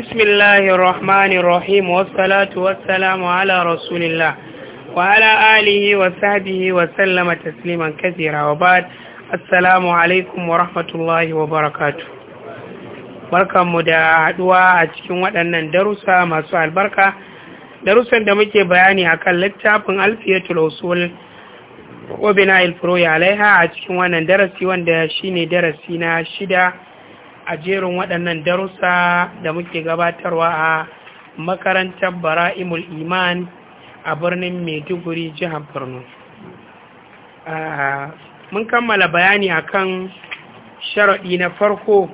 بسم الله الرحمن الرحيم والصلاة والسلام على رسول الله وعلى آله وصحبه وسلم تسليما كثيرا وبعد السلام عليكم ورحمة الله وبركاته barkanmu da haduwa a cikin waɗannan darussa masu albarka darussan da muke bayani akan littafin alfiyatul usul wa bina'il furuya alaiha a cikin wannan darasi wanda shine darasi na shida a jerin waɗannan darussa da muke gabatarwa a makarantar bara'imul iman a birnin maiduguri jihar borno mun kammala bayani akan sharaɗi na farko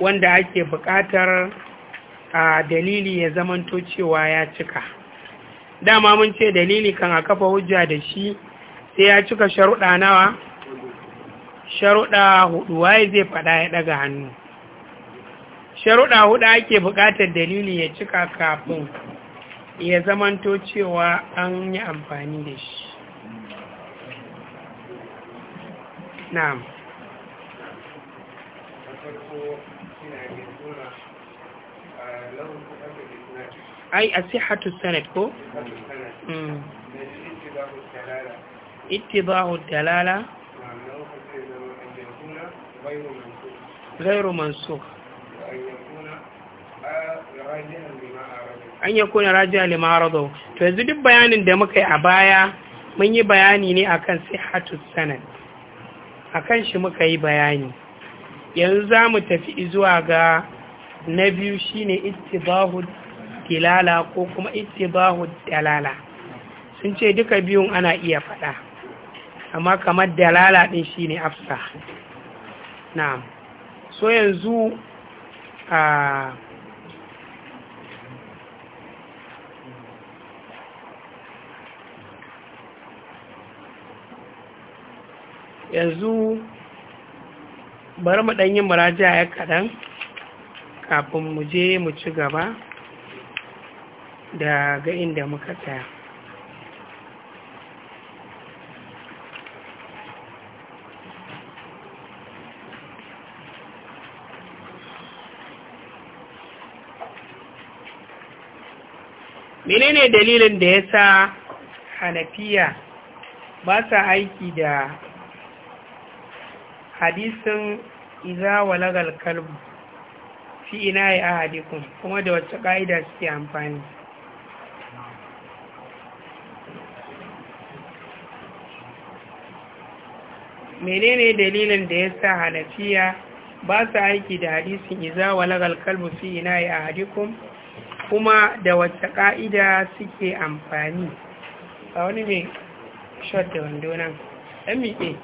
wanda ake buƙatar a dalili ya zamanto cewa ya cika dama mun ce dalili kan a kafa hujja da shi sai ya cika sharuɗa nawa sharuɗa hudu waye zai faɗa ya ɗaga hannu sharuɗa hudu ake buƙatar dalili ya cika kafin ya zamanto cewa an yi amfani da shi na'am ai a sihatu sanad ko? Mm. dalala غير منسوخ an ya kuna rajiya limarado to yanzu duk bayanin da muka yi a baya mun yi bayani ne akan sihhatus sanad akan shi muka yi bayani yanzu za mu tafi zuwa ga na biyu shine ittibahu dilala ko kuma ittibahu dalala sun ce duka biyun ana iya faɗa amma kamar dalala din shi ne afsa na'am so yanzu a yanzu bari mu ɗanyi muraja ya kaɗan kafin mu je mu ci gaba da ga inda muka tsaya menene dalilin da ya sa hanafiya ba sa aiki da hadisin iza walagal kalbu fi ina a hadikun kuma da wacce ƙa'ida suke amfani menene dalilin da ya sa hanafiya ba sa aiki da hadisin iza walagal kalbu fi ina a hadikun? kuma da wacce ƙa'ida suke amfani a wani mai shot da wando nan ɗan miƙe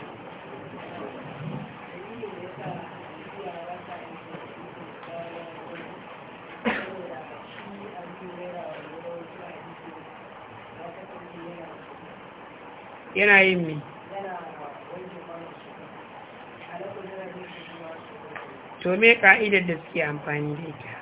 yana yin mi to me ka'idar da suke amfani da ita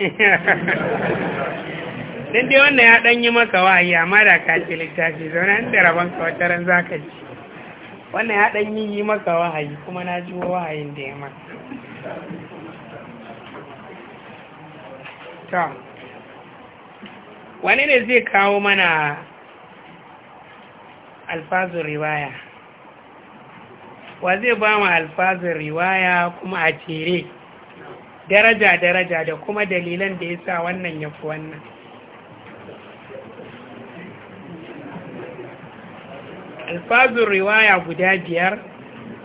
don dai wannan ya ɗanyi maka wahayi amma da ka ce littafi zaune an da rabon kawataren za ka ji wannan ya ɗanyi yi maka wahayi kuma na ji wahayin da ya maka ta wani ne zai kawo mana alfazin riwaya wa zai ba mu alfazin riwaya kuma a tere daraja-daraja da kuma dalilan da ya sa wannan ya fi wannan alfazun riwaya guda biyar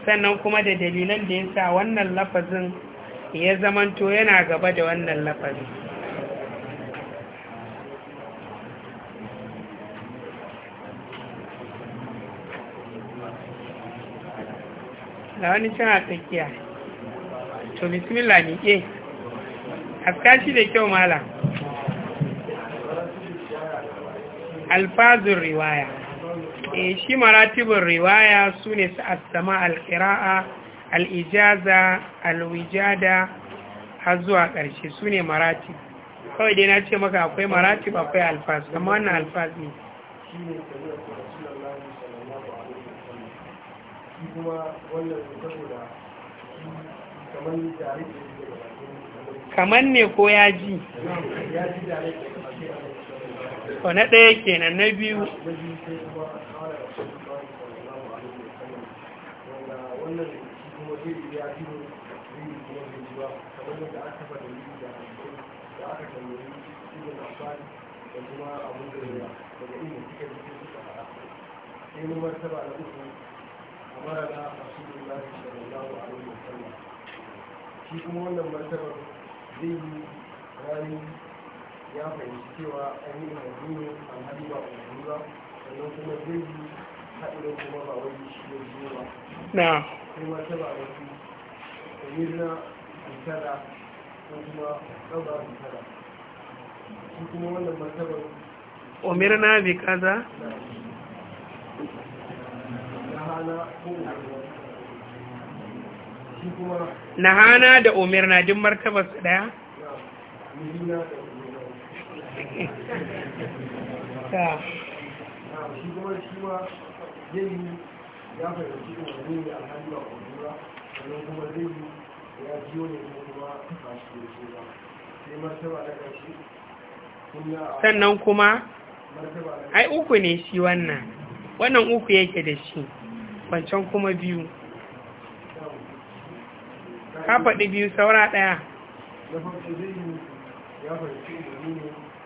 sannan kuma da dalilan da ya sa wannan lafazin ya zamanto yana gaba da wannan lafazin da wani tana tsakiya to bismillah miƙe Askashi da kyau mala alfazin riwaya e shi maratibin riwaya su ne su asama alƙira'a al'ijaza alwijada har zuwa ƙarshe su ne maratib kawai dai na ce maka akwai maratib akwai alfaz gama wannan alfaz ne kuma wannan kamar kaman ne ko ya ji ko na ɗaya kenan na biyu shi kuma wannan martaba zai yi ya fahimci cewa an yi umarni ne amma ba umarni ba sannan kuma zai yi haɗin kuma ba wani shi ya zo ba na kuma ta ba wasu domin tara ko kuma ɗaura tara shi kuma wannan martabar umirna bi kaza na hana ko umarni na hana da na jin martabar su daya sannan kuma ai uku ne shi wannan wannan uku yake da shi wancan kuma biyu ka faɗi biyu saura ɗaya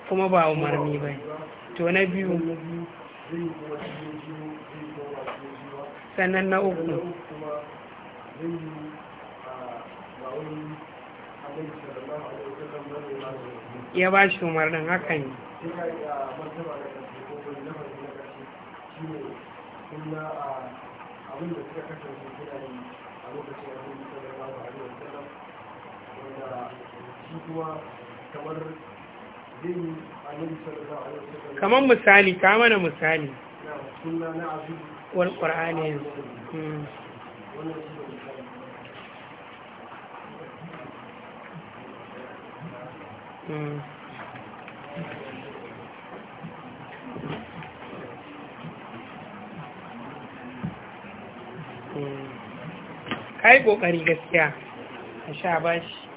kuma ba umarni ba to na biyu sannan na uku ya ba shi umarnin haka ne da yi kamar misali ka mana misali wani ƙwar'ani hmm. hmm. hmm. ka ƙoƙari gaskiya a sha bashi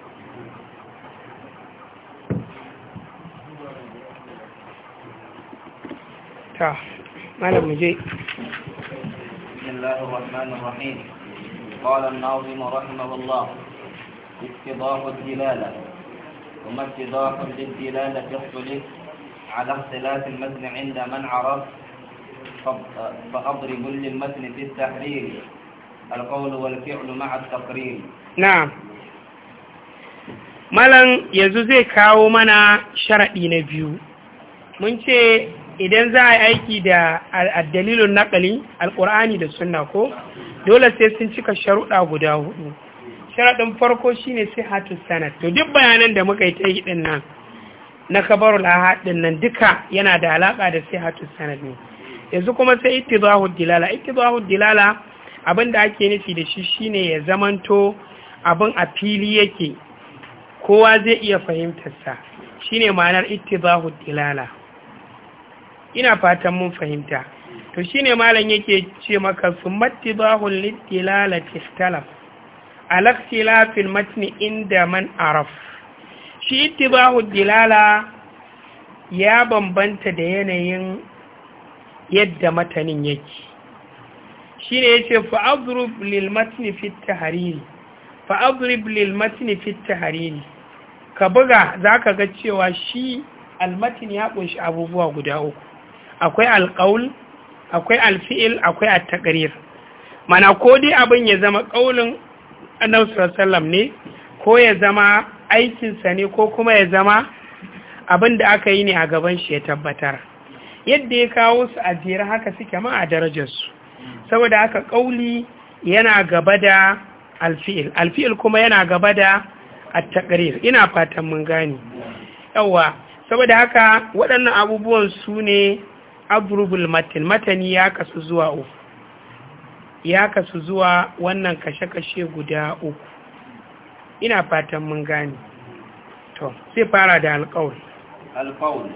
بسم الله الرحمن الرحيم قال الناظم رحمه الله اتضاه الدلالة وما اتضاه للدلالة يحصله على اختلاف المتن عند من عرف فأضرب للمتن في التحرير القول والفعل مع التقرير نعم ملن يزوزي كاو منا شرعي نبيو من idan za a yi aiki da dalilin naƙali alƙur'ani da suna ko dole sai sun cika sharuɗa guda hudu sharaɗin farko shi ne sai hatu sanad to duk bayanan da muka yi ta yi ɗin nan na kabar ahad ɗin nan duka yana da alaƙa da sai hatu sanad ne yanzu kuma sai ittidahu dilala ittidahu dilala abin da ake nufi da shi shi ne ya zamanto abin a fili yake kowa zai iya fahimtarsa Shi ne ma'anar ittidahu dilala ina fatan mun fahimta to shine malam yake ce maka sumattibahul litilalati talaf alaktilafil matni inda man araf shi ittibahu dilala ya bambanta da yanayin yadda matanin yake shi ne ya ce fi lilmatini fita hariri lil matni fita hariri ka buga zaka ga cewa shi almatin ya ƙunshi abubuwa guda uku akwai alƙaul akwai alfi'il akwai at mana ko dai abin ya zama ƙaulin annabi sallallahu ne ko ya zama aikinsa ne ko kuma ya zama abin da aka yi ne a gaban shi ya tabbatar yadda ya kawo su a jere haka suke ma a su saboda haka ƙauli yana gaba da alfi'il alfi'il kuma yana gaba da at ina fatan mun gane yawa saboda haka waɗannan abubuwan su ne adrubul matin matani ya kasu zuwa uku ya kasu zuwa wannan kashe-kashe guda uku ina fatan mun gane to sai fara da alƙawari alƙawari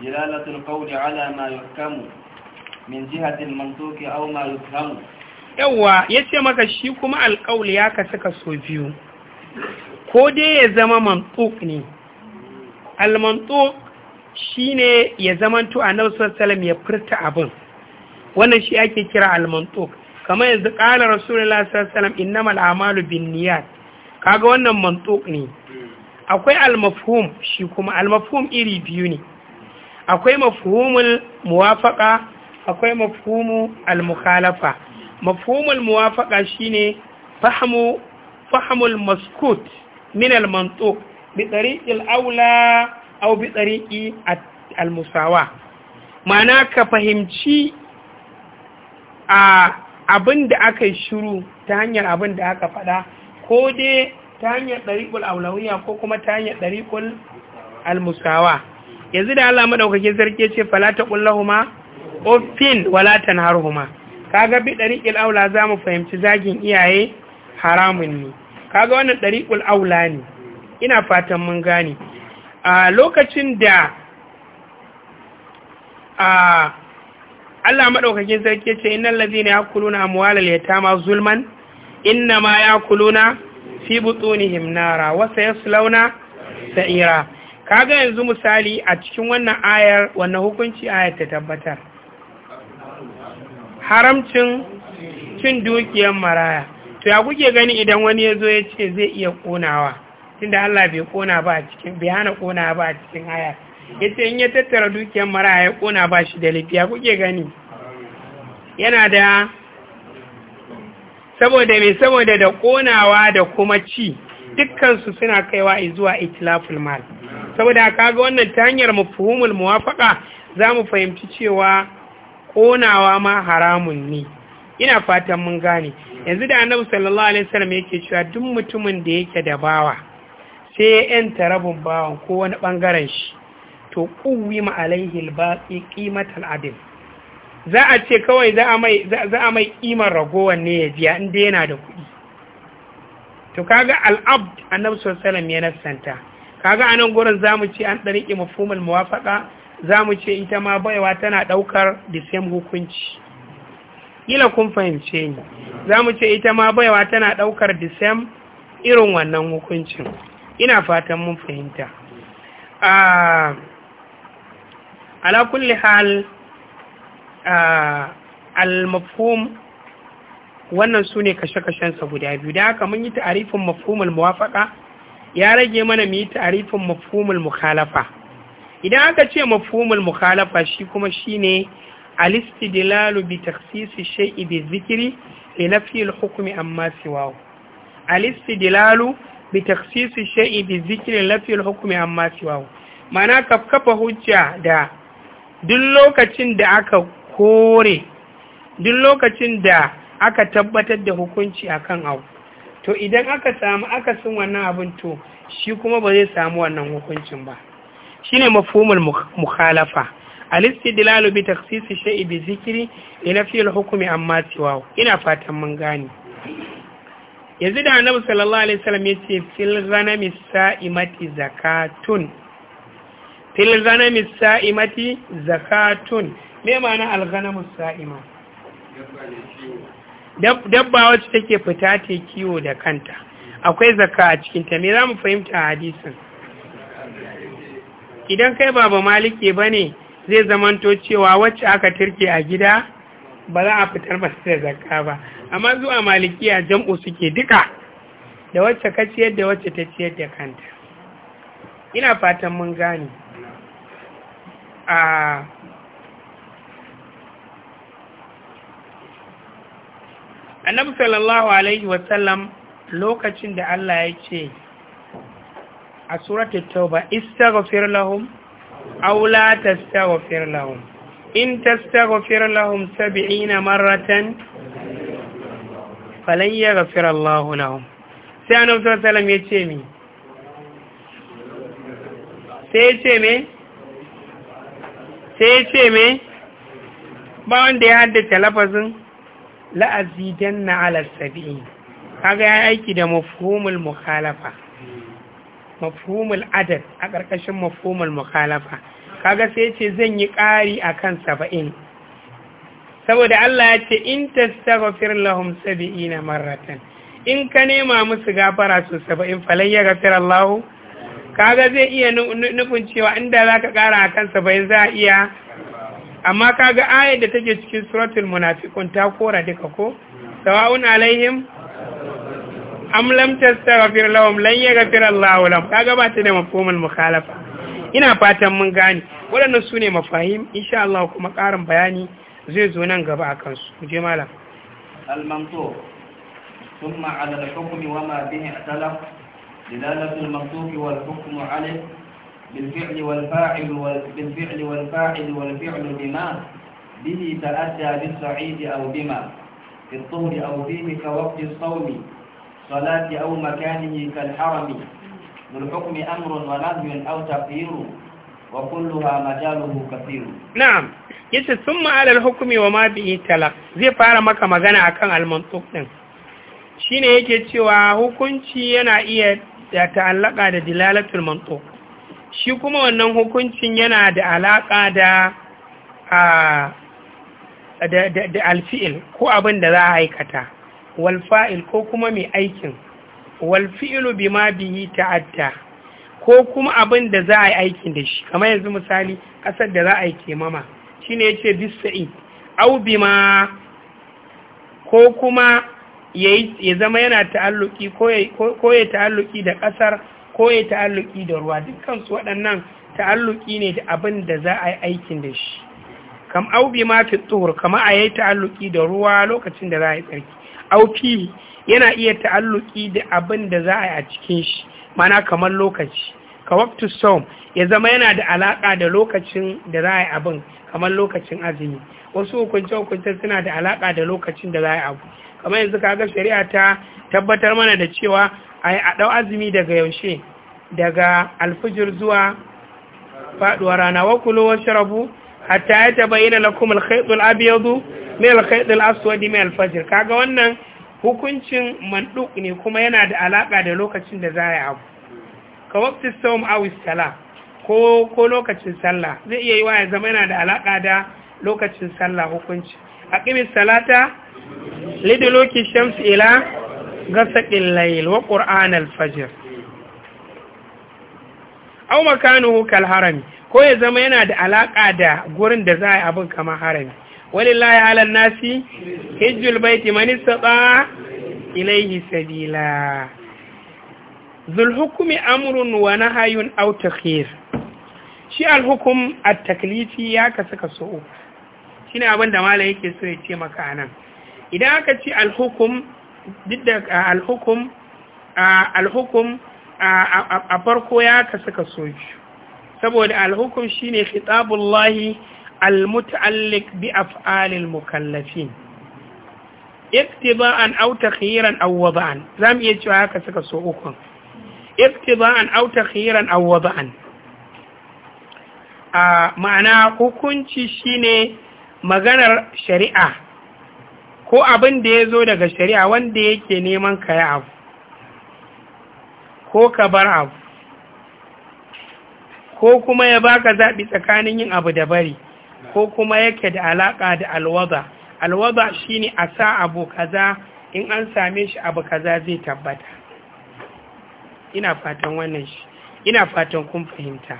dilalatul qawli ala ma yuhkamu min jihatil mantuqi aw ma yufhamu yawa yace maka shi kuma alƙawli ya kasu kaso biyu ko dai ya zama mantuk ne al Shi ne ya zamanto a sallallahu Salam ya furta abin wannan shi ake kira al kamar yanzu qala rasulullahi sallallahu alaihi wasallam innamal a'malu binniyat kaga wannan mantuq ne akwai al shi kuma al iri biyu ne akwai mafhumul muwafaqa akwai mafhumu almukalafa. mukhalafa mafhumul muwafaqa shine fahmu fahmul maskut min al bi tariqil aula au bi tsariƙi al-musawa ma'ana ka fahimci a abin da aka yi shiru ta hanyar abin da aka faɗa ko dai ta hanyar ɗariƙul aulawiya ko kuma ta hanyar ɗariƙul al yanzu da Allah madaukake sarki ce fala ta kullahuma uffin wala kaga bi dariqil aula za mu fahimci zagin iyaye haramun ne kaga wannan ɗariƙul aula ne ina fatan mun gane a lokacin da a Allah maɗaukakin sarki ce innan ne ya kuluna amwalar ma zulman inna ma ya kuluna fi butunihim nara wasa ya sulauna sa'ira Ka ga yanzu misali a cikin wannan ayar wannan hukunci ayar ta tabbatar haramcin cin dukiyar maraya to ya kuke gani idan wani ya zo ya ce zai iya ƙonawa tunda Allah bai kona ba a cikin bai hana kona ba a cikin aya yace in ya tattara dukiyar mara ya kona ba shi da lafiya kuke gani yana da saboda mai saboda da konawa da kuma ci dukkansu suna kaiwa zuwa itlaful mal saboda kaga wannan ta hanyar mafhumul muwafaqa za mu fahimci cewa konawa ma haramun ne ina fatan mun gane yanzu da annabi sallallahu alaihi wasallam yake cewa duk mutumin da yake da bawa sai ya yanta rabin bawan ko wani ɓangaren shi to ƙuwi ma'alaihil baƙi ƙimatar adil za a ce kawai za a mai ƙimar ragowar ne ya biya inda yana da kuɗi to kaga al'abd annabi sallallahu ya nassanta kaga a nan gurin zamu ce an dariki mafhumul za zamu ce ita ma baiwa tana ɗaukar da same hukunci ila kun fahimce ni zamu ce ita ma baiwa tana ɗaukar da same irin wannan hukuncin ina fatan mun fahimta ala kulli hal al-mafhum wannan su ne kashe-kashensa guda biyu da haka mun yi ta'arifin mafhumul muwafaqa ya rage mana mu yi ta'arifin mafhumul mukhalafa idan aka ce mafhumul mukhalafa shi kuma shine al-istidlalu bi takhsis shaii bi zikiri, ila fi al amma siwahu al-istidlalu bi taksisi shay'i bi zikirin lafiyar hukumi amma siwahu mana kafkafa hujja da duk lokacin da aka kore duk lokacin da aka tabbatar da hukunci akan au to idan aka samu akasin wannan abin to shi kuma ba zai samu wannan hukuncin ba shine mafhumul mukhalafa al-istidlalu bi takhsis shay'i bi zikri ila da al-hukmi amma siwahu ina fatan mun gane yanzu da annabi sallallahu alaihi wasallam yace ce fil ghanami sa'imati zakatun fil ghanami sa'imati zakatun me ma'ana al ghanamu sa'ima dabba wacce take fita ta kiwo da kanta akwai zaka a cikin ta me za mu fahimta hadisin idan kai baba maliki bane zai zamanto cewa wacce aka turke a gida ba za a fitar ba da zakka ba amma zuwa malikiya jam'u suke duka da wacce ka ciyar da wacce ta ciyar da kanta ina fatan mun gane a annabi sallallahu alaihi wasallam lokacin da Allah ya ce a suratul tauba istaghfir lahum aw la tastaghfir lahum in tastaghfir lahum 70 marratan falan yaghfir Allah lahum sai annabi sallallahu alaihi ya ce mi sai ya me sai ya ce me ba wanda ya haddace lafazin la'azidanna ala 70 kaga ya aiki da mafhumul mukhalafa mafhumul adad a ƙarƙashin mafhumul mukhalafa kaga sai ce zan yi ƙari a kan saba'in saboda Allah ya ce in ta tastaghfir lahum sab'ina maratan in ka nema musu gafara su saba'in falan ya gafira Allah kaga zai iya nufin cewa inda za ka ƙara a kan saba'in za a iya amma kaga ayar da take cikin suratul munafikun ta kora duka ko sawa'un alaihim am lam tastaghfir lahum lan yaghfir allahu lahum kaga ba ta da mafhumul mukhalafa ina fatan mun gane waɗannan su ne mafahim insha Allah kuma ƙarin bayani zai zo nan gaba a kansu mu je malam al-mamtu thumma ala al-hukmi wa ma bihi ihtalaf dilalatu al-mamtuqi wal hukmu alayh bil fi'li wal fa'il wal bil fi'li wal fa'il wal fi'lu bima bihi ta'adda bis sa'id aw bima في الطهر أو فيه كوقت الصوم صلاة أو مكانه كالحرم na'am أمر ونهي أو تقدير وكلها مجاله كثير نعم yace summa ma'alar hukumi wa ma bihi tala zai fara maka magana akan almantuk din shine yake cewa hukunci yana iya da ta'allaka da dilalatul mantuk shi kuma wannan hukuncin yana da alaka da da alfi'il ko abin da za a aikata wal fa'il ko kuma mai aikin wal fi'lu bima bihi ta'atta ko kuma abin da za a yi aikin da shi kamar yanzu misali kasar da za a yi kemama shine yace bisa'i au bima ko kuma ya zama yana ta'alluki ko ya ta'alluki da kasar ko ya ta'alluki da ruwa dukkan su waɗannan ta'alluki ne da abin da za a yi aikin da shi kam au bima fi tuhur kama a yi ta'alluki da ruwa lokacin da za a yi tsarki au fi yana iya ta'alluki da abin da za a yi a cikin shi mana kamar lokaci ka waktu som ya zama yana da alaka da lokacin da za a yi abin kamar lokacin azumi wasu hukunce hukunce suna da alaka da lokacin da za a yi abu kamar yanzu kaga shari'a ta tabbatar mana da cewa a yi ɗau azumi daga yaushe daga alfijir zuwa faɗuwa rana wa kulu wa sharabu hatta ya tabayyana lakum alkhaytul abyadu min alkhaytul aswadi mai alfajir kaga wannan hukuncin manduk ne kuma yana da alaka da lokacin da za a yi abu ka wakti saum awis sala ko lokacin sallah zai iya yi wa ya zama yana da alaka da lokacin sallah hukunci ƙimin salata liduluki shamsu ila gasaqil layil wa qur'an alfajir au makanu harami ko ya zama yana da alaka da gurin da za a yi abin kamar harami walillahi ala nasi hijjul baiti man istata ilayhi sabila zul hukmi amrun wa nahyun aw takhir shi al hukm at taklifi ya kasa kaso shine abin da malai yake so ya ce maka anan idan aka ci al hukm duk al hukm al hukm a farko ya kaso biyu saboda al hukm shine khitabullahi المتعلق بأفعال المكلفين اقتضاء أو تخييرا iya cewa لم saka so uku. اقتضاء أو تخييرا أو وضعا آه معنى hukunci shine maganar shari'a ko abin da ya zo daga shari'a wanda yake neman ka abu ko ka abu ko kuma ya baka zaɓi tsakanin yin abu da bari ko kuma yake da alaƙa da alwaza alwaza shine a sa abu kaza in an same shi abu kaza zai tabbata ina fatan wannan shi ina fatan kun fahimta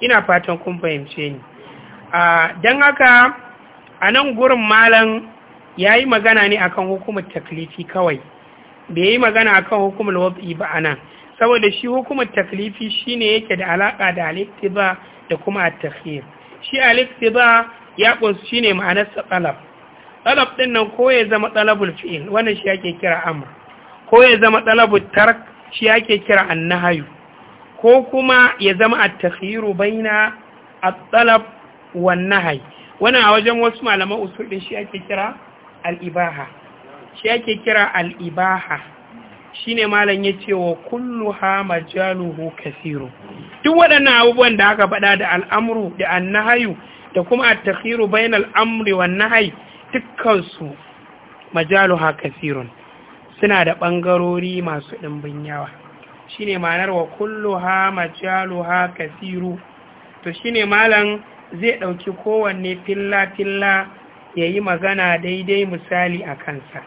ina fatan kun fahimce ni don haka a nan gurin malam ya yi magana ne akan hukumar taklifi kawai bai yi magana akan hukumar wabi ba a nan saboda shi hukumar taklifi shine yake da alaƙa da halitta ba da kuma a takhir shi alifti ba ya kunsu shine ma'anar sa talab talab din nan ko ya zama talabul fi'il wannan shi ake kira amur ko ya zama talabul tark shi ake kira Annahayu, ko kuma ya zama at-takhiru baina a talab wannan nahy wannan a wajen wasu malaman usul shi ake kira al-ibaha shi ake kira al-ibaha ne malam ya ce wa kullu ha majaluhu kasiru duk waɗannan abubuwan da aka faɗa da al'amru da annahayu da kuma a takhiru bayan amri wa nahyi dukkan su haka kasirun suna da ɓangarori masu ɗimbin yawa shine ma'anar wa ha majalu majaluha kasiru to shine malam zai ɗauki kowanne filla filla ya yi magana daidai misali a kansa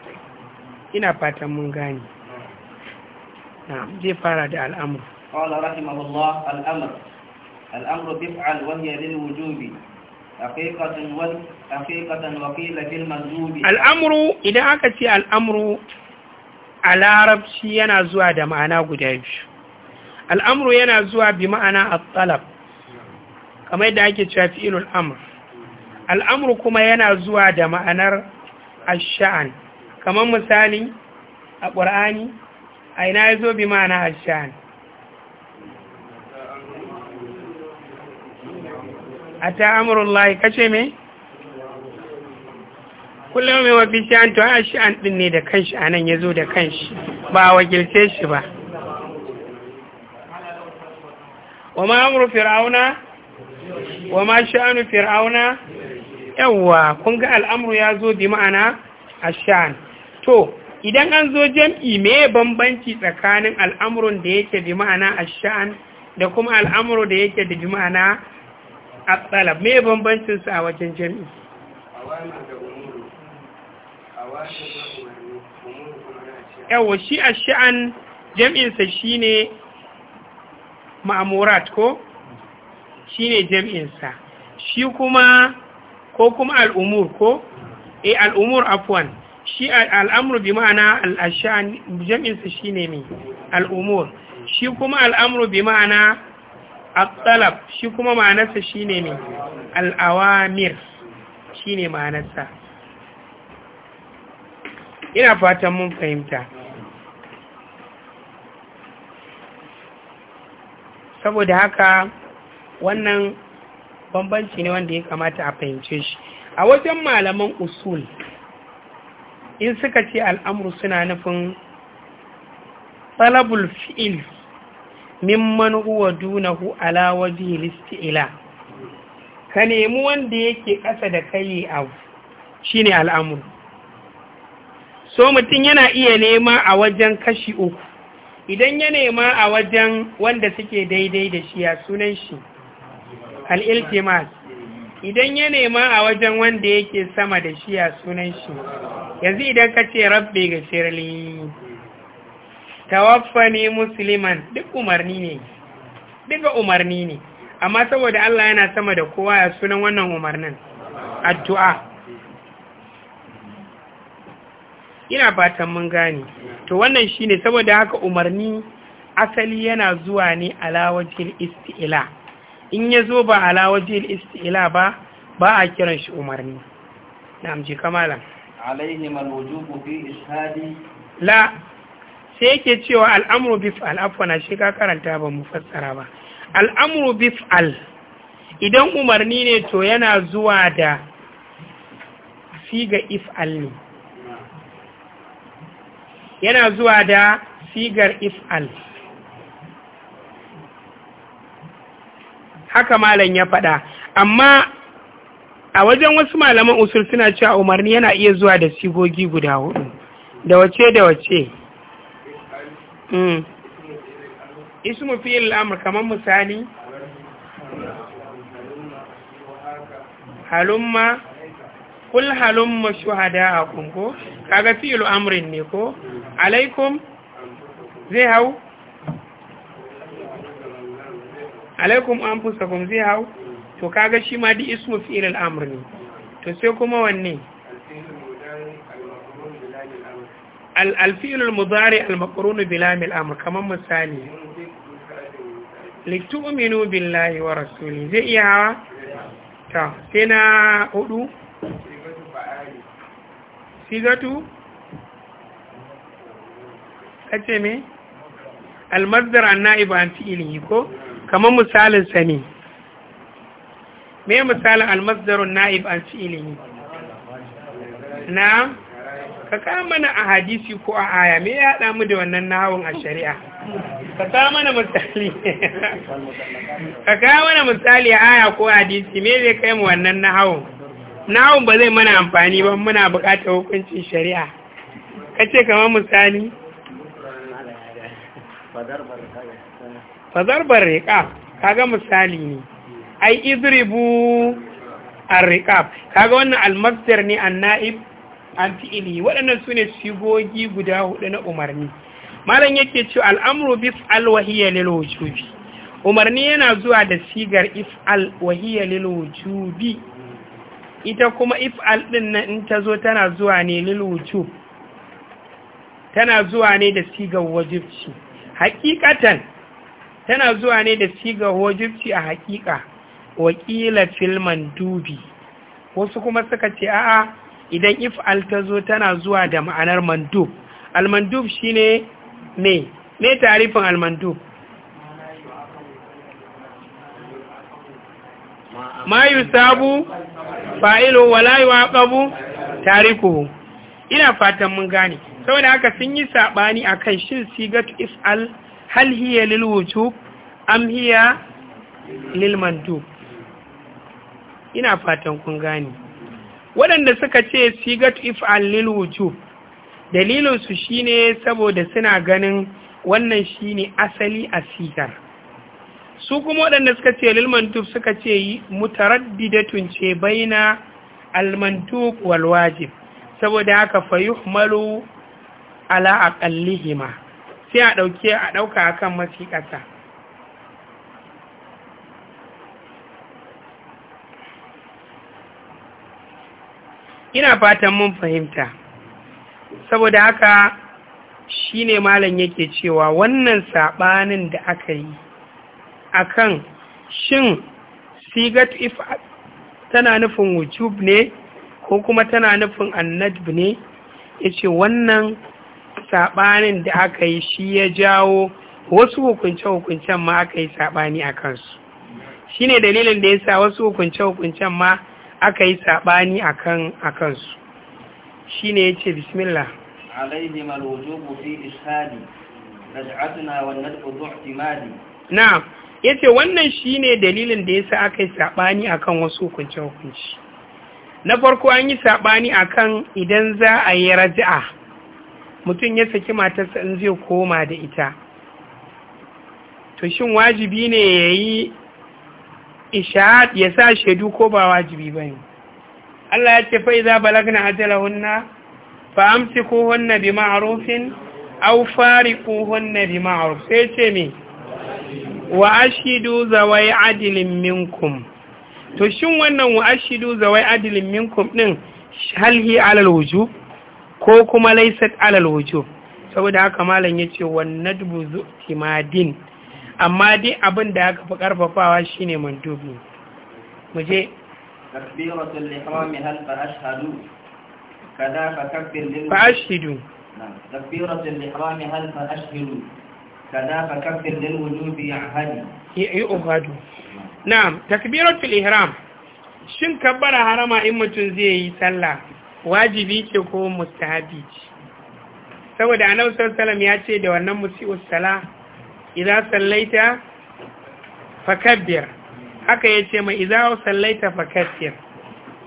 ina fatan mun gane zai fara da al'amuru قال رحمه الله الأمر الأمر تفعل وهي للوجوب حقيقة حقيقة وقيل في المندوب الأمر إذا أكت الأمر على رب yana zuwa da ma'ana guda biyu al'amru yana zuwa bi ma'ana at-talab kamar yadda ake cewa fi'ilul al'amru kuma yana zuwa da ma'anar ash-sha'n kamar misali a ƙur'ani a ina ya zo ma'ana ash a ta amurullahi kace me kullum mai mafi shi an to an shi an ɗin ne da kanshi a nan ya zo da kanshi ba a wakilce shi ba wa ma amuru fir'auna wa ma sha'anu fir'auna yawwa kun ga al'amuru ya zo bi ma'ana a sha'an to idan an zo jam'i me bambanci tsakanin al'amurin da yake bi ma'ana a sha'an da kuma al'amuru da yake da bi ma'ana at me bambancin su a wajen jami'i yawa shi a sha'an jami'insa shi ne ma'amurat ko shi ne jami'insa? shi kuma ko kuma al'umur ko e al'umur afwan shi al'amur bi ma'ana al'ashan jami'insa shi ne mai al'umur shi kuma al'amur bi ma'ana al-talab shi kuma ma'anarsa shine ne al-awamir shine ma'anarsa ina fatan mun fahimta saboda haka wannan bambanci ne wanda ya kamata a fahimce shi a wajen malaman usul in suka ce al'amuru suna nufin talabul fi'il mimman huwa dunahu ala waje listi'ila ka nemi wanda yake ƙasa da kai abu shine al'amuru so mutum yana iya nema a wajen kashi uku idan ya nema a wajen wanda suke daidai da shi ya sunan shi al'iltimas idan ya nema a wajen wanda yake sama da shi ya sunan shi yanzu idan ka ce rabbe ga shirli tawaffani musliman duk umarni ne duka umarni ne amma saboda Allah yana sama da kowa ya sunan wannan umarnin addu'a ina fatan mun gane to wannan shine saboda haka umarni asali yana zuwa ne alawajil isti'la in ya zo ba alawajil isti'la ba ba a kiran shi umarni na amji kamalan alaihim alwujubu fi ishadi la sai yake cewa al'amuru bif'al afwana shi ka karanta ba mu fassara ba al'amuru bif'al idan umarni ne to yana zuwa da siga if'al ne yana zuwa da sigar if'al haka malam ya faɗa amma a wajen wasu malaman usul suna cewa umarni yana iya zuwa da sigogi guda hudu da wace da wace Mm. ismu fi'il al'amr kamar misali halumma kul halumma shuhada'akum ko kaga fi'il amrin ne ko alaikum zai hau alaikum anfusakum zai hau to kaga shi ma di ismu fi'il al'amr ne to sai kuma wanne al’alfihil al’uzari al’akuruni bilami al’amur kamar misali liktu uminu billahi wa rasuli zai iya hawa ta sai hudu sigatu a ce mai ko kamar misalin sami mai misalin almazdar na’iba an ilimi na. ka ka mana a hadisi ko a aya me ya haɗa mu da wannan nahawun a shari'a ka ka mana misali ka ka mana misali aya ko hadisi me zai kai mu wannan nahawun nahawun ba zai mana amfani ba muna buƙatar hukuncin shari'a ka ce kamar misali fazarbar ka kaga misali ne ai idribu riqab kaga wannan almasdar ne Na'ib? an fi'ili waɗannan su ne sigogi guda hudu na umarni malam yake cewa al'amru bis alwahiyya lil wujubi umarni yana zuwa da sigar if'al alwahiyya lil wujubi ita kuma if'al din nan in ta zo tana zuwa ne lil wujub tana zuwa ne da sigar wajibci hakikatan tana zuwa ne da sigar wajibci a hakika wakila filman dubi wasu kuma suka ce a'a idan if'al ta zo tana zuwa da ma'anar mandub al-mandub shine ne ne tarifin mandub ma yusabu fa'ilu wala yuqabu tarikuhu ina fatan mun gane saboda haka sun yi sabani akan shin sigatu if'al hal hiya lil wujub am hiya lil mandub ina fatan kun gane waɗanda suka ce sigat if lil wujub dalilinsu shine saboda suna ganin wannan shi ne asali a sigar su kuma waɗanda suka ce lil suka ce mutaraddidatun ce baina na walwajib saboda haka fa malu ala aqallihima sai a ɗauke a ɗauka akan mafi ƙasa. ina fatan mun fahimta saboda haka shine malam yake cewa wannan saɓanin da aka yi akan shin sigat if tana nufin wujub ne ko kuma tana nufin annadb ne ya ce wannan saɓanin da aka yi shi ya jawo wasu hukunce-hukuncen ma aka yi saɓani a kansu shi ne dalilin da ya sa wasu hukunce-hukuncen ma aka yi saɓani a kansu shi ne ya ce bismillah alaihi malwujubu fi ishadi naj'atuna wa nad'u du'timadi na'am yace wannan shine dalilin da yasa aka yi sabani akan wasu hukunce hukunci na farko an yi sabani akan idan za a yi raja'a mutum ya saki matarsa in zai koma da ita to shin wajibi ne ya yi. ishahad ya sa shaidu ko ba wajibi ba ne Allah ya ce fa'iza balagna ajalahunna fa hunna bi fari ko hunna bi ma'ruf sai ce me wa ashidu zawai adilin minkum to shin wannan wa ashidu zawai adilin minkum din halhi alal wuju ko kuma laisat alal wuju. saboda haka malam ya ce wannan buzu timadin amma dai abin da aka fi karfafawa shine mantubi mu je takbiratul ihrami kada na'am takbiratul ihram shin kabbara harama in mutum zai yi sallah wajibi ce ko mustahabi ce saboda annabi sallallahu alaihi wasallam ya ce da wannan musi'us salah idza sallaita fakabbir haka yace mai idza sallaita fakabbir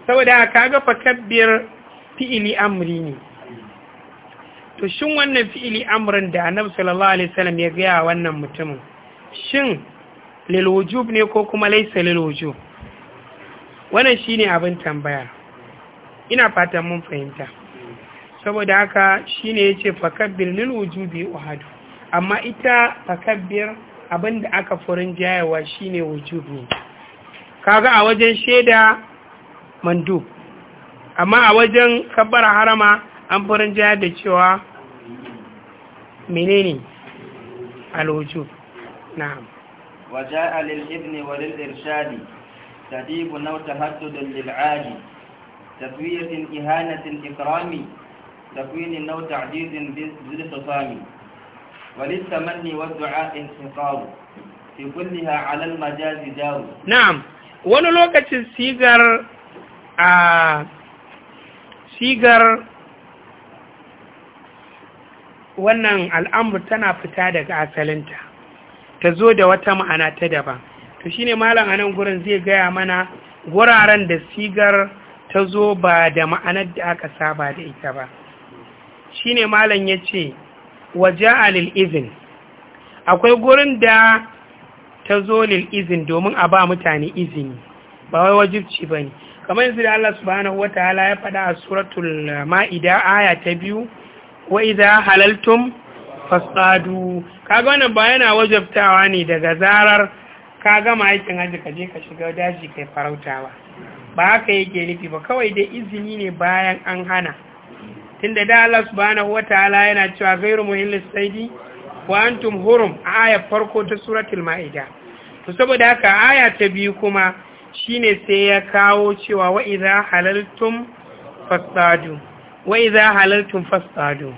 saboda ga fakabbir fi'ili amri ne to shin wannan fi'ili amrin da annabi sallallahu alaihi wasallam ya ga wannan mutumin shin lil wujub ne ko kuma laysa lil wujub wannan shine abin tambaya ina fatan mun fahimta saboda haka shine yace fakabbir lil wujubi wahadu amma ita takabbir abinda aka furin jayawa shine wujubu kaga a wajen sheda mandu amma a wajen kabbar harama an furin jayar da cewa menene alwujub na'am وجاء للابن وللإرشاد تديب أو تهدد للعالي تسوية إهانة إكرام تكوين أو تعجيز بالخصام وللتمني والدعاء انتقال في كلها على المجاز داو نعم wani lokacin sigar a sigar wannan al'amur tana fita daga asalinta ta zo da wata ma'ana ta daban to shine malam anan gurin zai gaya mana guraren da sigar ta zo ba da ma'anar da aka saba da ita ba shi ne malam ya ce waje a izin. akwai gurin da ta zo lil'izin domin a ba mutane izini ba wai wajibci ba ne kamar yanzu da Allah subhanahu wa ta'ala ya faɗa a suratul ma'ida aya ta biyu wa idza halaltum fasadu kaga wannan ba yana wajabtawa ne daga zarar ka gama aikin hajji ka je ka shiga daji kai farautawa ba haka yake nufi ba kawai dai izini ne bayan an hana tunda da Allah subhanahu wataala yana cewa ghairu muhillis saidi wa antum hurum aya farko ta suratul maida to saboda haka aya ta biyu kuma shine sai ya kawo cewa wa idza halaltum fasadu wa idza halaltum fasadu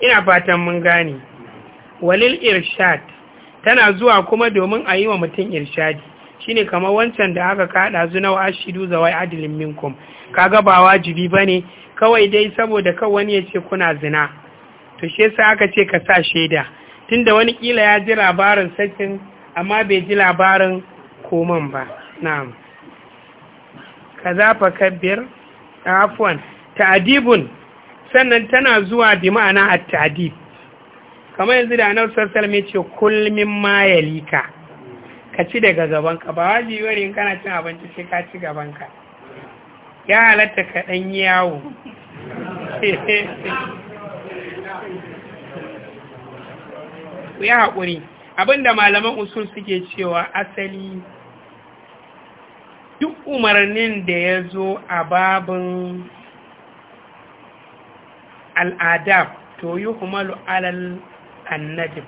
ina fatan mun gane walil irshad tana zuwa kuma domin a yi wa mutum irshadi shine kamar wancan da aka kada zu na ashidu zawai adilin minkum kaga ba wajibi bane kawai dai saboda kan wani ya ce kuna zina to shi yasa aka ce ka sa shaida tunda wani kila ya ji labarin sakin amma bai ji labarin koman ba na'am kaza fa kabbir afwan ta'dibun sannan tana zuwa bi ma'ana at-ta'dib kamar yanzu da annabi sallallahu alaihi wasallam ya ce kul mimma yalika ka ci daga gabanka ba wajibi wani in kana cin abinci sai ka ci gabanka ya halatta kaɗan yawo ku yi haƙuri abinda malaman usul suke cewa asali duk umarnin da ya zo a babin al'adab to yi humalu alal annajib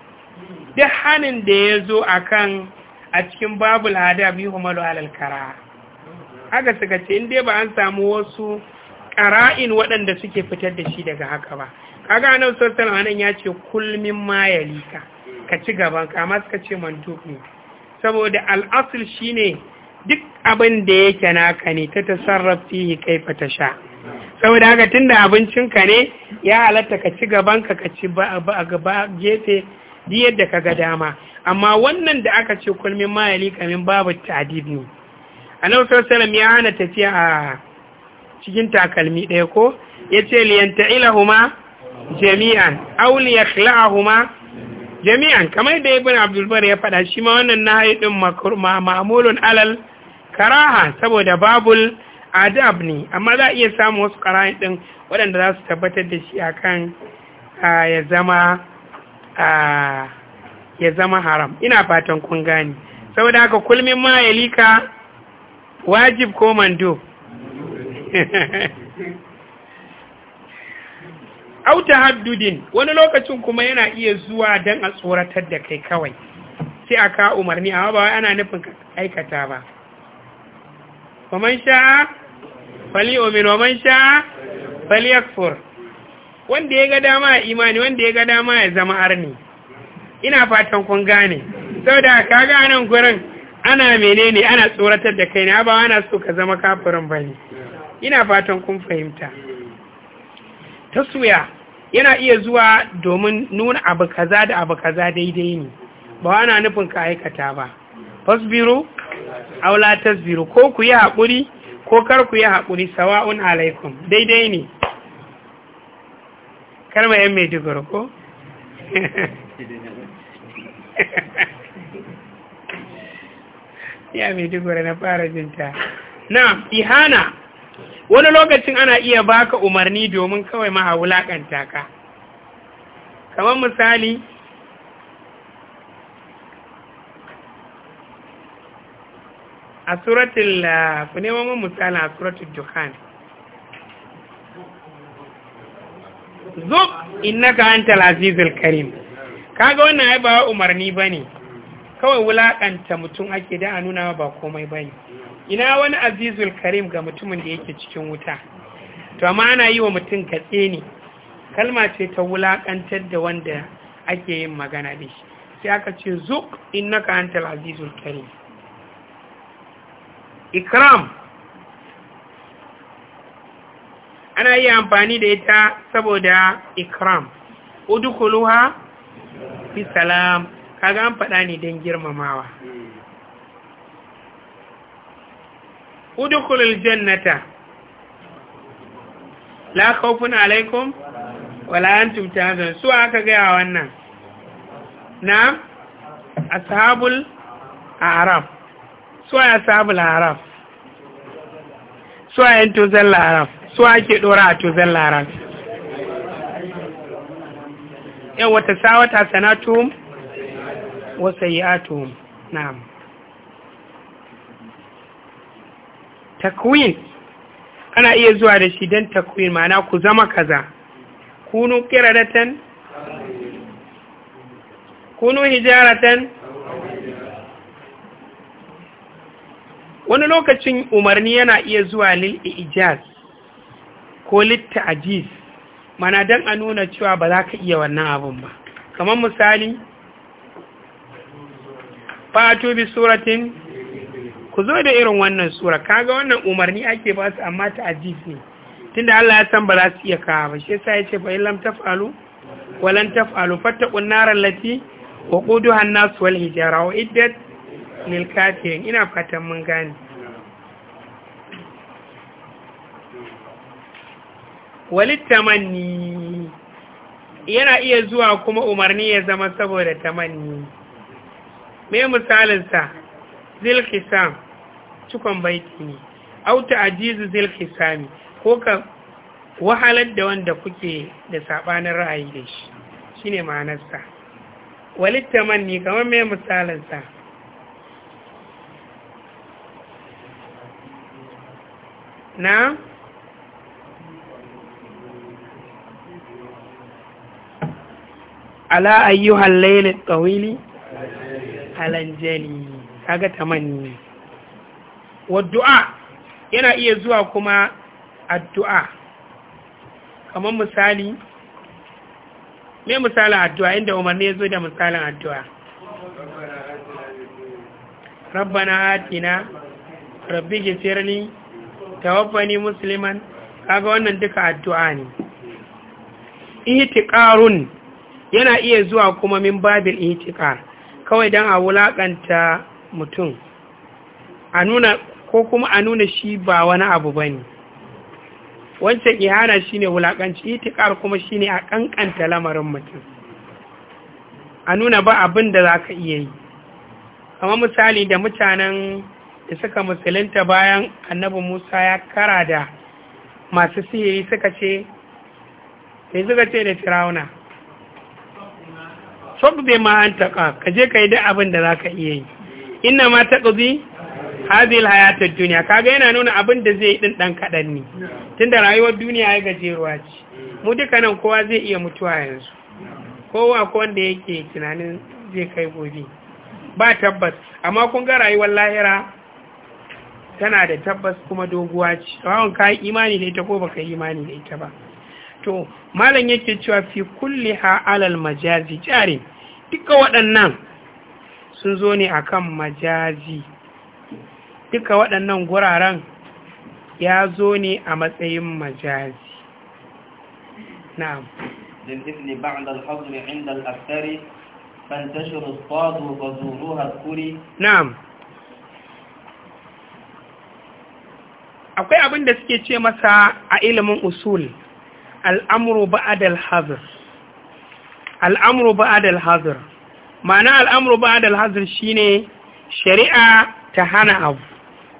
duk hannun da ya zo a kan a cikin babu adab yi humalu alal kara aga suka ce in dai ba an samu wasu ƙara'in waɗanda suke fitar da shi daga haka ba kaga nan sallallahu anan ya ce kulmin mayalika ka ci gaban ka amma suka ce mantuk ne saboda al'asul shine duk abin da yake naka ne ta tasarrafi kai fa sha saboda haka tunda abincinka ne ya halatta ka ci gaban ka ka ci ba a gefe duk yadda ka ga dama amma wannan da aka ce kulmin mayalika min babu ta'dib ne annabi sallallahu ya hana tafiya a cikin takalmi ɗaya ko Ya yace liyanta'ilahuma jami'an aw liyakhla'ahuma jami'an kamar da ibn abdul bar ya faɗa shi ma wannan nahayi din ma'mulun alal karaha saboda babul adab ne amma za a iya samun wasu karahin din waɗanda za su tabbatar da shi akan ya zama ya zama haram ina fatan kun gani saboda haka kulmin ma ya lika wajib ko mando ta haddudin wani lokacin kuma yana iya zuwa don a tsoratar da kai kawai sai a ka umarni a ba ana nufin aikata ba waman sha'a fali omen waman sha'a fali akfur wanda ya ga dama a imani wanda ya ga dama ya zama arni ina fatan kun gane sau da ga nan gurin ana menene ana tsoratar da kai ne ba ana so ka zama kafirin ba ne ina fatan kun fahimta taswiya yana iya zuwa domin nuna abu kaza da abu kaza daidai ne ba ana nufin ka aikata ba fasbiru aula tasbiru ko ku yi haƙuri ko kar ku yi haƙuri sawa'un alaikum daidai ne karma yan mai ko ya mai dugura na fara jinta na ihana wani lokacin ana iya baka umarni domin kawai maha wulaƙanta ka kamar misali a suratul ku neman mun misali a suratul dukhan zub innaka an azizul karim kaga wannan ya ba umarni ne. kawai wulaƙanta mutum ake da a nuna ba komai ba ne ina wani azizul karim ga mutumin da yake cikin wuta to amma ana yi wa mutum katse ne kalma ce ta wulakantar da wanda ake yin magana da shi sai aka ce zuk innaka antal azizul karim ikram ana yi amfani da ita saboda ikram udukuluha bi salam kaga an faɗa ne don girmamawa udukulul jannata la khawfun alaikum wala antum tahzan su aka gaya wannan na ashabul araf su ay ashabul araf su ay tuzal araf su ake dora a tuzal araf yawa tasawata sanatum وسيئاتهم نعم تكوين أنا إيه زوا رشيدان تكوين معناه كزما كذا كونوا قردة كونوا هجارة wani lokacin umarni yana iya zuwa lil ijaz ko litta ajiz mana don a nuna cewa ba za ka iya wannan abun ba kamar misali fatu bi suratin ku zo da irin wannan sura kaga wannan umarni ake ba su amma ta ajif ne tunda Allah ya san ba za su iya kawo ba shi yasa yace fa illam taf'alu wa taf'alu fattaqun nar allati waquduha an-nas wal hijara wa iddat lil kafirin ina fatan mun gane walit tamanni yana iya zuwa kuma umarni ya zama saboda tamanni me misalinsa zilkisam cikon baiti ne auta ajizu zilkisami ko ka wahalar da wanda kuke da sabanin ra'ayi da shi shine ma'anarsa walitta manni kamar me misalinsa na ala ayyuhal layl tawili alanjani kaga tamanni waddu'a yana iya zuwa kuma addu'a kamar misali me misalin addu'a inda umarni ya zo da misalin addu'a rabbana atina rabbi gifirli tawaffani musliman kaga wannan duka addu'a ne ihtiqarun yana iya zuwa kuma min babil ihtiqar kawai don a wulaƙanta mutum a nuna ko kuma a nuna shi ba wani abu ba ne wancan ihana shi ne wulaƙanci itikar kuma shi ne a ƙanƙanta lamarin mutum a nuna ba abin da za ka iya yi kama misali da mutanen da suka musulunta bayan annabi musa ya kara da masu sihiri suka ce da suka ce da firauna sob bai ma an taƙa ka je ka yi duk abin da za ka iya yi ina ma ta ƙuzi hazil hayatar duniya Ka ga yana nuna abin da zai yi ɗin ɗan kaɗan ne tun rayuwar duniya ya gajeruwa ce mu duka nan kowa zai iya mutuwa yanzu kowa ko wanda yake tunanin zai kai gobe ba tabbas amma kun ga rayuwar lahira tana da tabbas kuma doguwa ce kawon ka imani da ita ko baka imani da ita ba to malam yake cewa fi kulli ha alal majazi jari duka waɗannan sun zo ne akan majazi duka waɗannan guraren ya zo ne a matsayin majazi na'am akwai abin da suke ce masa a ilimin usul al'amuru ba'adal hazir hazir ma'ana al'amuru ba'adal hazir ne shari'a ta hana abu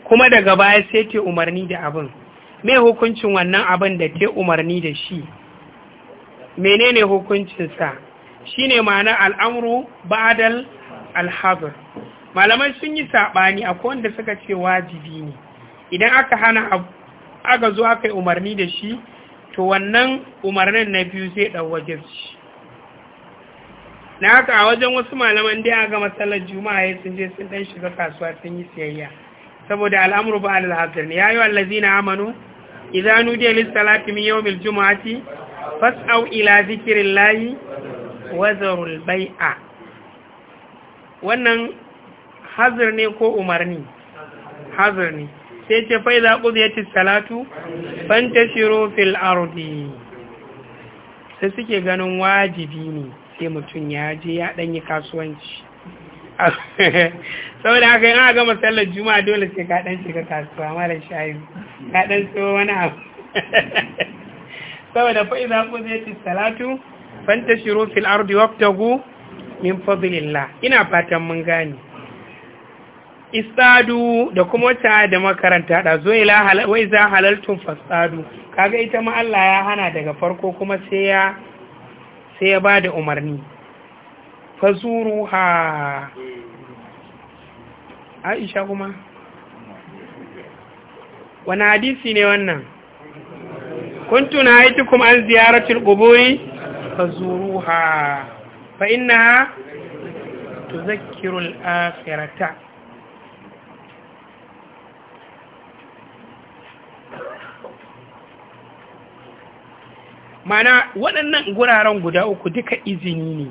kuma daga baya sai ta umarni da abin me hukuncin wannan abin da ta umarni da shi menene hukuncinsa ne ma'ana al'amuru ba'adal alhazir malaman sun yi saɓani a kowanda suka ce wajibi ne idan aka hana abu aka zo aka yi umarni da shi to wannan umarnin na biyu zai ɗau wajibci na haka a wajen wasu malaman da ya ga matsalar juma'a ya sun je sun ɗan shiga kasuwa sun yi siyayya saboda al'amuru ba al'adar ne ya yi wallazi na amanu idanu da list salati min yau mil juma'ati fas'au ila zikirin layi wazarul bai'a wannan hazir ne ko umarni hazir ne sai ce fai za ci salatu shiro fil ardi sai suke ganin wajibi ne sai mutum ya je ya ɗanyi kasuwanci saboda haka yana gama sallar juma'a dole sai ka ɗan shiga kasuwa malar shayi ka ɗan so wani abu saboda fai za ci salatu shiro fil ardi gu min fadlillah ina fatan mun gane istadu da kuma wata da makaranta da zo wai za halaltun fasadu kaga ita ma Allah ya hana daga farko kuma sai ya sai ya bada umarni fasuruha Aisha kuma wani hadisi ne wannan kuntu na haiti kuma an ziyaratul quburi fazuruha fa innaha tuzakkirul akhirata mana waɗannan guraren guda uku duka izini ne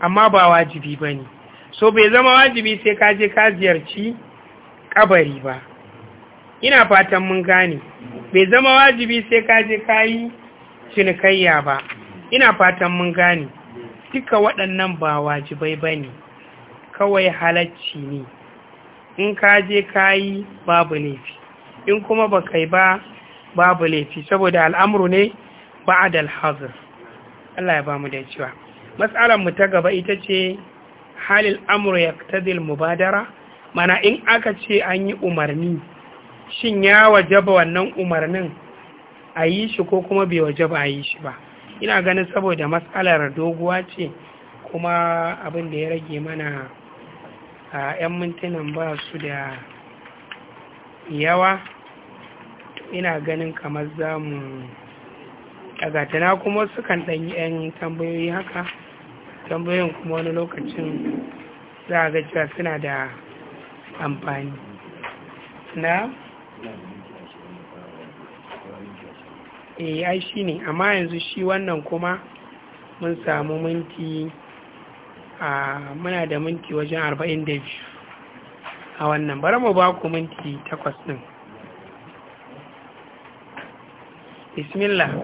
amma ba wajibi ba ne so bai zama wajibi sai ka ka ziyarci kabari ba ina fatan mun gane bai zama wajibi sai kaje je ka yi cinikayya ba ina fatan mun gane duka waɗannan ba wajibai ba ne kawai halacci ne in ka je ka yi babu laifi in kuma ba kai ba babu laifi saboda al'amuru ne ba'adal hazir Allah ya ba mu da cewa matsalar mu ta gaba ita ce halil amru yaqtadil mubadara mana in aka ce an yi umarni shin ya wajaba wannan umarnin a yi shi ko kuma bai wajaba a yi shi ba ina ganin saboda matsalar doguwa ce kuma abin da ya rage mana a 'yan mintunan ba su da yawa ina ganin kamar za mu daga kuma sukan ɗanyi 'yan tambayoyi haka tambayoyin kuma wani lokacin za a suna da amfani na? Eh, ai shi ne amma yanzu shi wannan kuma mun samu minti a muna da minti wajen arba'in da a wannan bari mu ba ku minti takwas ɗin bismillah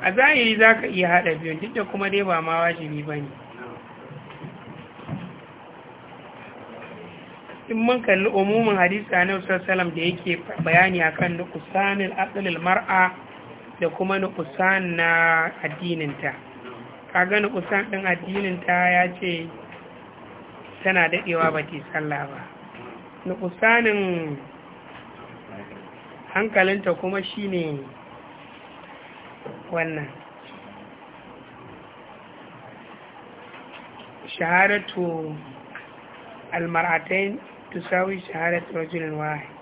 a zahiri za ka iya haɗa biyun duk da kuma dai ba ma wajibi ba ne in mun kalli umumin hadisi a nan salam da yake bayani akan nuqsanil asalin mar'a da kuma nuqsan na addininta kaga nuqsan ɗin addininta ya ce tana daɗewa ba ta sallah ba nuqsanin hankalinta kuma shine wannan shaharatu al-mar'atain تساوي شهادة رجل واحد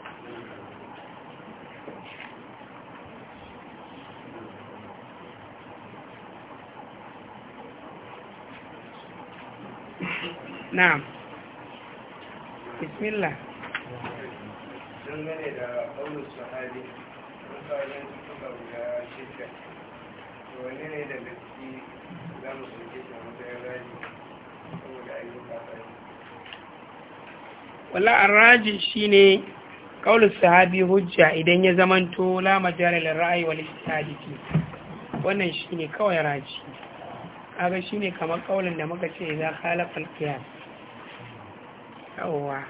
نعم بسم الله ونريد قول الصحابي ونريد أن تتبع ونريد أن تتبع إلى شركة walla arraji ne qaulus sahabi hujja idan ya zamanto la majalar lil ra'yi wal Wannan wannan ne kawai raji kaga ne kamar kaulin da muka ce idan khalafa al qiyas yawwa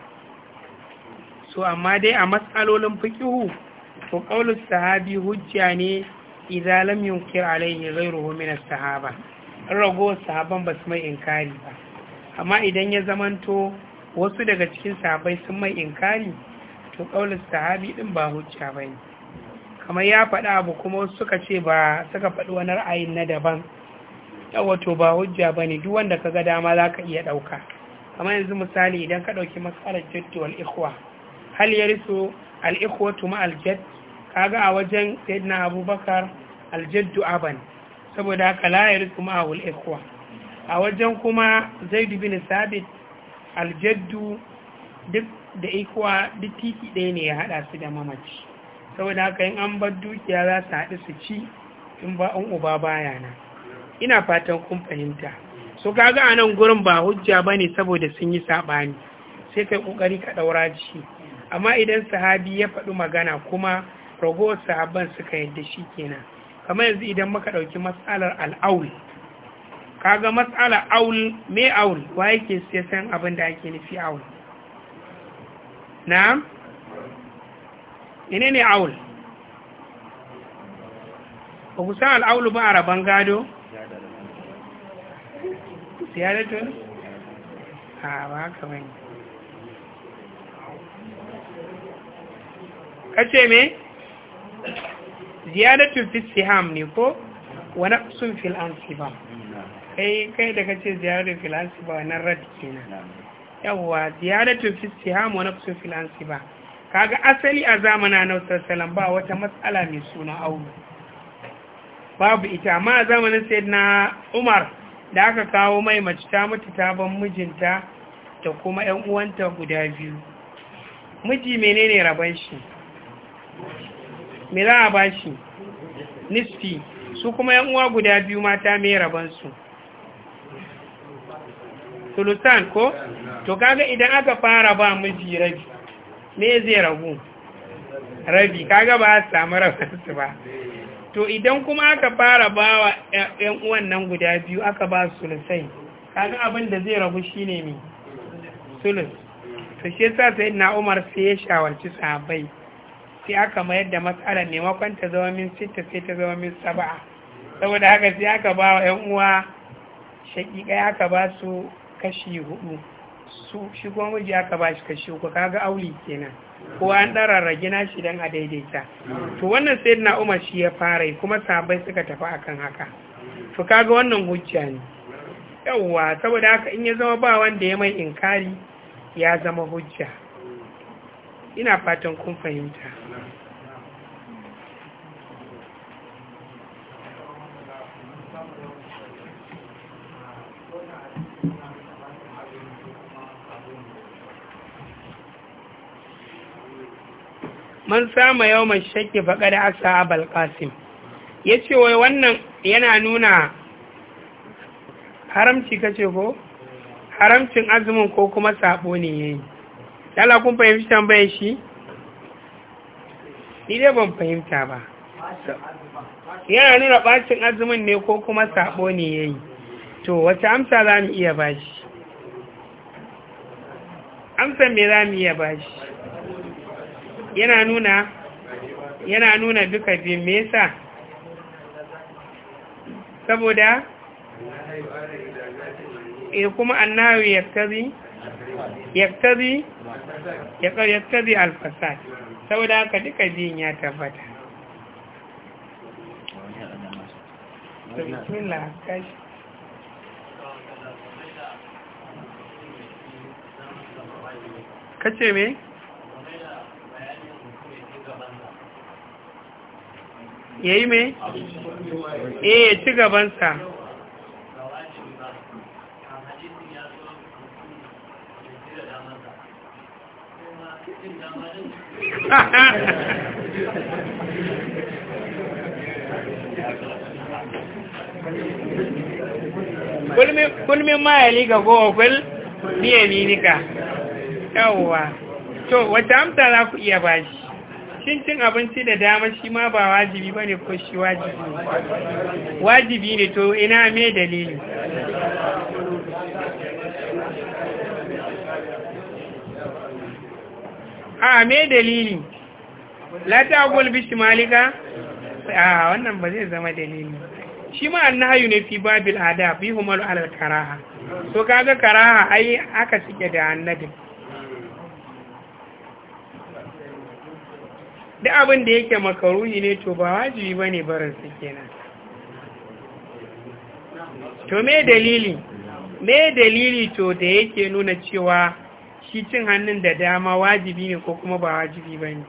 so amma dai a matsalolin fikihu to qaulus sahabi hujja ne idan lam yunkir alaihi zai min as-sahaba rago sahaban basu mai inkari ba amma idan ya zamanto wasu daga cikin sahabai sun mai inkari to kaulin sahabi din ba hujja bane kamar ya faɗa abu kuma wasu suka ce ba suka faɗi wani ra'ayin na daban wato ba hujja bane duk wanda ka ga dama zaka iya ɗauka kamar yanzu misali idan ka ɗauki matsalar jaddu wal ikhwa hal yarisu al tu ma al jadd kaga a wajen sayyidina abubakar al jaddu aban saboda haka la yarisu ma al a wajen kuma zaid bin sabit aljaddu duk da ikuwa duk titi ɗaya ne ya haɗa su da mamaci saboda haka yin an bar dukiya za su haɗu su ci in ba an uba baya na ina fatan kun fahimta so kaga a nan gurin ba hujja ba ne saboda sun yi saɓani sai kai ƙoƙari ka ɗaura ci amma idan sahabi ya faɗi magana kuma ragowar sahabban suka yadda shi kenan kamar yanzu idan muka ɗauki matsalar al'aul kaga matsala aul me aul wa yake san abin da ake nufi aul na'am ine ne aul ba ku san al'aulu ba a rabon gado? siyadatun? ha ba haka bane kace me? ziyadatun fi siham ne ko wani sun fil an kai kai da kace ziyarar filansi ba wannan rad kenan yawwa ziyaratu fi istiham wa filansi ba kaga asali a zamana na sallallahu ba wata matsala mai suna aure babu ita amma a zamanin sayyidina Umar da aka kawo mai mace ta mutu ta ban mijinta da kuma ƴan uwanta guda biyu miji menene raban shi me za a bashi Nisti, su kuma yan uwa guda biyu mata mai su. sultan ko to kaga idan aka fara ba miji rabi me zai rabu rabi kaga ba samu rabansu ba to idan kuma aka fara ba wa ‘yan uwan nan guda biyu aka ba sulusai kaga abin da zai rabu shine mai sulus to shi sa sai na umar sai ya shawarci sahabbai sai aka mayar da matsalar maimakon ta zama min sita sai ta zama min saba'a saboda haka sai aka ba wa ‘yan uwa shaƙiƙa aka ba su kashi hudu su shi kuma aka ba shi kashi uku kaga auli kenan ko an dara gina shi dan a daidaita to wannan sai na umar shi ya fara kuma sabai suka tafi akan haka to kaga wannan hujja ne Yawa, saboda haka in ya zama ba wanda ya mai inkari ya zama hujja ina fatan kun fahimta man sama yau mai faɗa da asa abal balƙasim ya ce wai wannan yana nuna haramci ce ko haramcin azumin ko kuma saɓo ne ya yi. ɗala kun fahimci tambayar shi ni dai ban fahimta ba yana nuna ɓacin azumin ne ko kuma saɓo ne ya yi. to wata amsa za mu iya shi amsa mai za mu iya bashi yana nuna yana nuna duka biyu me yasa saboda e kuma annahu yaktabi yaktabi yaktabi alfasad saboda haka duka biyun ya tabbata bismillah kashi kace me ya yi mai? eh ya ci gabansa kulmin mayali ga gogol biya ninika. yawwa to wata amta za ku iya bashi shin cin abinci da dama shi ma ba wajibi ba ne ko shi wajibi wajibi ne to ina mai dalili a mai dalili lata gulbi shi malika a wannan ba zai zama dalili shi ma an nahayu ne fi babil adab bihu malu alal karaha to kaga karaha ai aka suke da annabin duk abin da yake maka'runi ne to ba wajibi ba ne barinsa kenan to me dalili me dalili to da yake nuna cewa shi cin hannun da dama wajibi ne ko kuma ba wajibi ba ne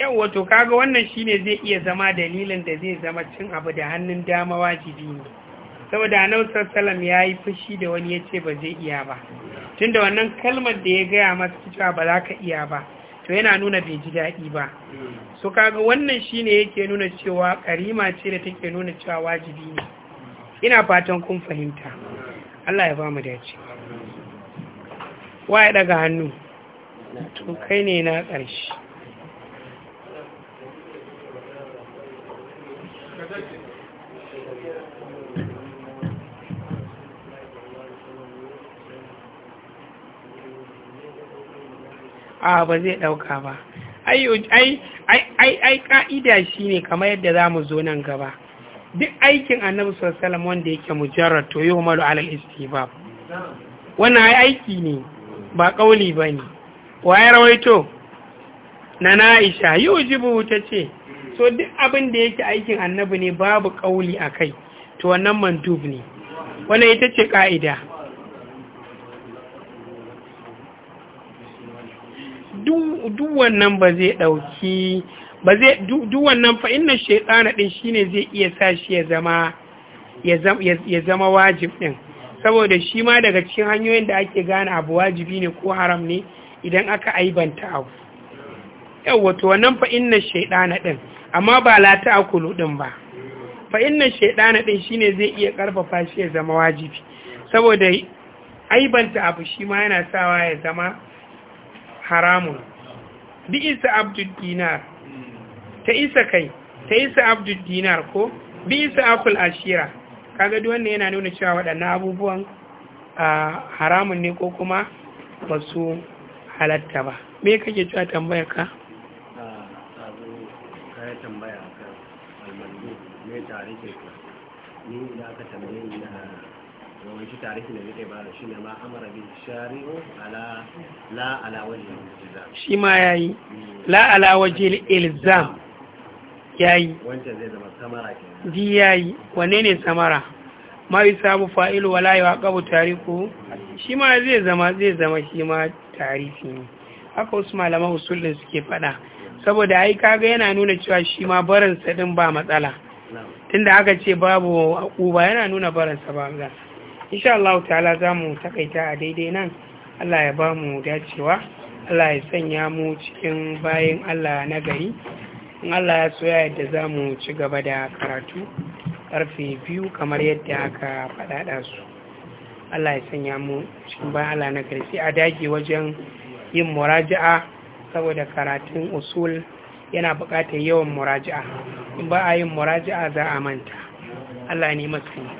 yau wato kaga wannan shine zai iya zama dalilin da zai zama cin abu da hannun dama wajibi ne saboda annabi sallam ya yi fushi da wani ya ce ba zai iya ba tunda wannan kalmar da ya gaya masa cewa ba za ka iya ba to yana nuna bai ji daɗi ba so kaga wannan shine yake nuna cewa karima ce da take nuna cewa wajibi ne ina fatan kun fahimta Allah ya bamu mu dace wa ya daga hannu to kai ne na ƙarshe a ba zai ɗauka ba ai ƙa'ida shi ne kamar yadda za mu zo nan gaba duk aikin annabi sallallahu wanda yake mujarrad to yi umaru alal istibab wannan ai aiki ne ba ƙauli bane. ne waye rawaito na na'isha yi ujibu ce so duk abin da yake aikin annabi ne babu ƙauli a kai to wannan mantub ne wannan ita ce ƙa'ida Duwannan ba zai ɗauki ba zai duwannan wannan fa inna ɗin shi ne zai iya sa ya zama ya zama wajib ɗin, saboda shi ma daga cikin hanyoyin da ake gane abu wajibi ne ko haram ne idan aka aibanta abu Yau to wannan fa inna shaytana ɗin, amma ba la akulu ɗin ba fa inna ɗin shi ne zai iya ƙarfafa shi ya zama wajibi saboda aibanta abu shi ma yana sawa ya zama haramun bi isa abdul dinar ta isa kai ta isa abdul dinar ko bi isa akul ashira kaga duk wannan yana nuna cewa waɗannan abubuwan haramun ne ko kuma ba su halatta ba me kake cewa tambayar ka tambaya ne ka ni da aka tambaye ni na wani shi tarihi ne zai bada shi ne ma amara bin shari'u ala la ala wajhi ilzam shi ma yayi la ala wajhi ilzam yayi wancan zai zama samara kenan ji yayi wanne ne samara ma yusabu fa'ilu wa wala yaqabu tariku shi ma zai zama zai zama shi ma tarihi ne haka wasu malaman usulin suke fada saboda ai kaga yana nuna cewa shi ma barinsa din ba matsala tunda aka ce babu uba yana nuna barinsa ba matsala insha Allah ta'ala za mu takaita a daidai nan Allah ya ba mu dacewa Allah ya sanya mu cikin bayan Allah na gari in Allah ya soya yadda za mu ci gaba da karatu ƙarfe biyu kamar yadda aka faɗaɗa su Allah ya sanya mu cikin bayan Allah na gari sai a dage wajen yin muraja'a saboda karatun usul yana buƙatar yawan muraja'a in ba a yin muraja'a za a manta Allah ne masu yi.